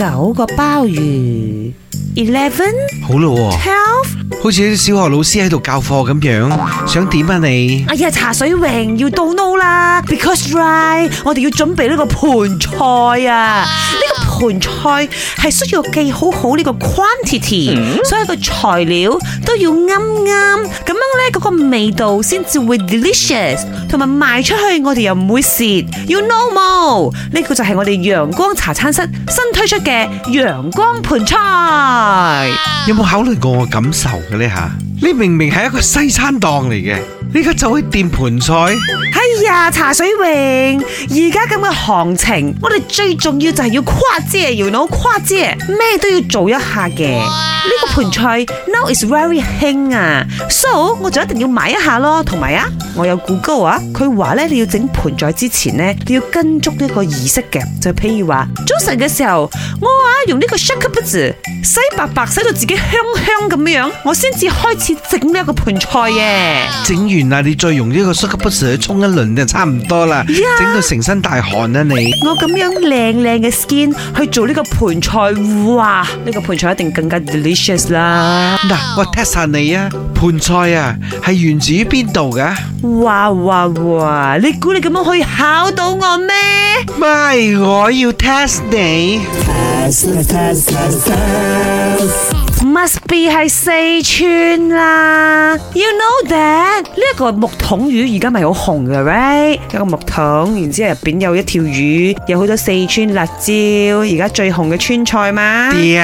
九個鮑魚，eleven 好老、啊、Twelve? 好啦，twelve 好似啲小學老師喺度教課咁樣，想點啊你？啊、哎、呀，茶水榮要到 no 啦，because right，我哋要準備呢個盆菜啊。啊這個盆菜係需要記好好呢個 quantity，、嗯、所以個材料都要啱啱，咁樣呢嗰個味道先至會 delicious，同埋賣出去我哋又唔會蝕，you know m 呢個就係我哋陽光茶餐室新推出嘅陽光盆菜，啊、有冇考慮過我感受嘅呢？吓？你明明係一個西餐檔嚟嘅，你而家就可以掂盤菜？哎呀，茶水榮，而家咁嘅行情，我哋最重要就係要跨界，要諗跨界，咩都要做一下嘅。呢、呢個盤菜 now is very 興啊，so 我就一定要買一下咯。同埋啊，我有 Google 啊，佢話咧你要整盤菜之前咧，你要跟足呢個儀式嘅，就係、譬如話早晨嘅時候，我啊用呢個 shake 嘅字洗白白，洗到自己香香咁樣，我先至開始。你整咩個盤菜嘅？整完啦，你再用呢個 Sugar Boost 去衝一輪就差唔多啦。整到成身大汗啦你。我咁樣靚靚嘅 skin 去做呢個盤菜，哇！呢個盤菜一定更加 delicious 啦。嗱，我 test 下你啊，盤菜啊係源自於邊度㗎？哇哇哇！你估你咁樣可以考到我咩？唔係，我要 test 你。Must be 係四川啦，You know that？呢一個木桶魚而家咪好紅嘅，right？一個木桶，然之後入面有一條魚，有好多四川辣椒，而家最紅嘅川菜嘛，掂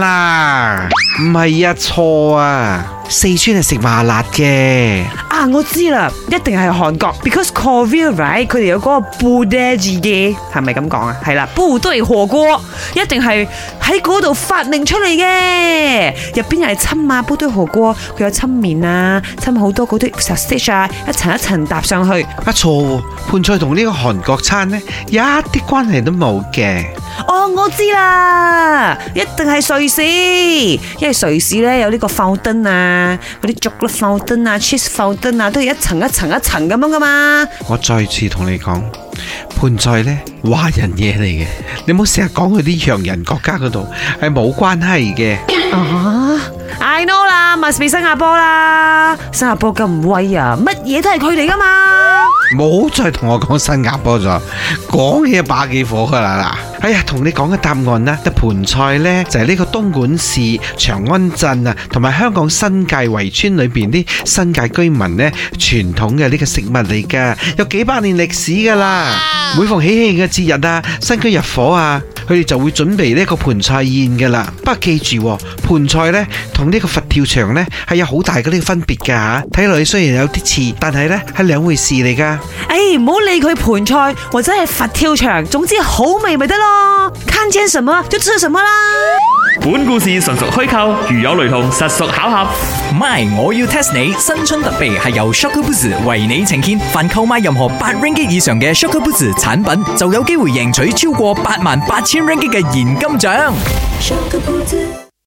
喇，唔係一錯啊，四川係食麻辣嘅。啊！我知啦，一定係韓國，because Korea right，佢哋有嗰、那個部隊火鍋嘅，係咪咁講啊？係啦部隊火鍋一定係喺嗰度發明出嚟嘅。入邊又係春啊部隊火鍋佢有春面啊，春好、啊、多嗰啲石 f s h 啊，一層一層搭上去。唔錯喎，盆菜同呢個韓國餐咧一啲關係都冇嘅。哦，我知啦，一定係瑞士，因為瑞士咧有呢個泡燈啊，嗰啲 Chocolate 泡燈啊、Cheese 泡燈啊，都係一層一層一層咁樣噶嘛。我再次同你講，盤菜咧華人嘢嚟嘅。你唔好成日講佢啲洋人國家嗰度，係冇關係嘅。啊、uh huh?，I know 啦，must be 新加坡啦，新加坡咁威啊，乜嘢都係佢哋噶嘛。冇再同我講新加坡咗，講嘢把幾火噶啦嗱。哎呀，同你講嘅答案盤呢一盆菜呢就係、是、呢個東莞市長安鎮啊，同埋香港新界圍村裏邊啲新界居民呢傳統嘅呢個食物嚟噶，有幾百年歷史噶啦，Wow. 每逢喜慶嘅節日啊，新居入伙啊。佢哋就會準備呢個盤菜宴嘅啦。不過記住、哦，盤菜呢同呢個佛跳牆呢係有好大嘅呢個分別㗎嚇。睇落去雖然有啲似，但係呢係兩回事嚟㗎。誒、哎，唔好理佢盤菜或者係佛跳牆，總之好味咪得咯。看見什麼就吃什麼啦。本故事純屬虛構，如有雷同，實屬巧合。My 我要 test 你新春特備係由 Shocker Boots 為你呈現，凡購買任何八 ringgit 以上嘅 Shocker Boots 產品，就有機會贏取超過八萬八千 ringgit 嘅現金獎。Shocker Boots。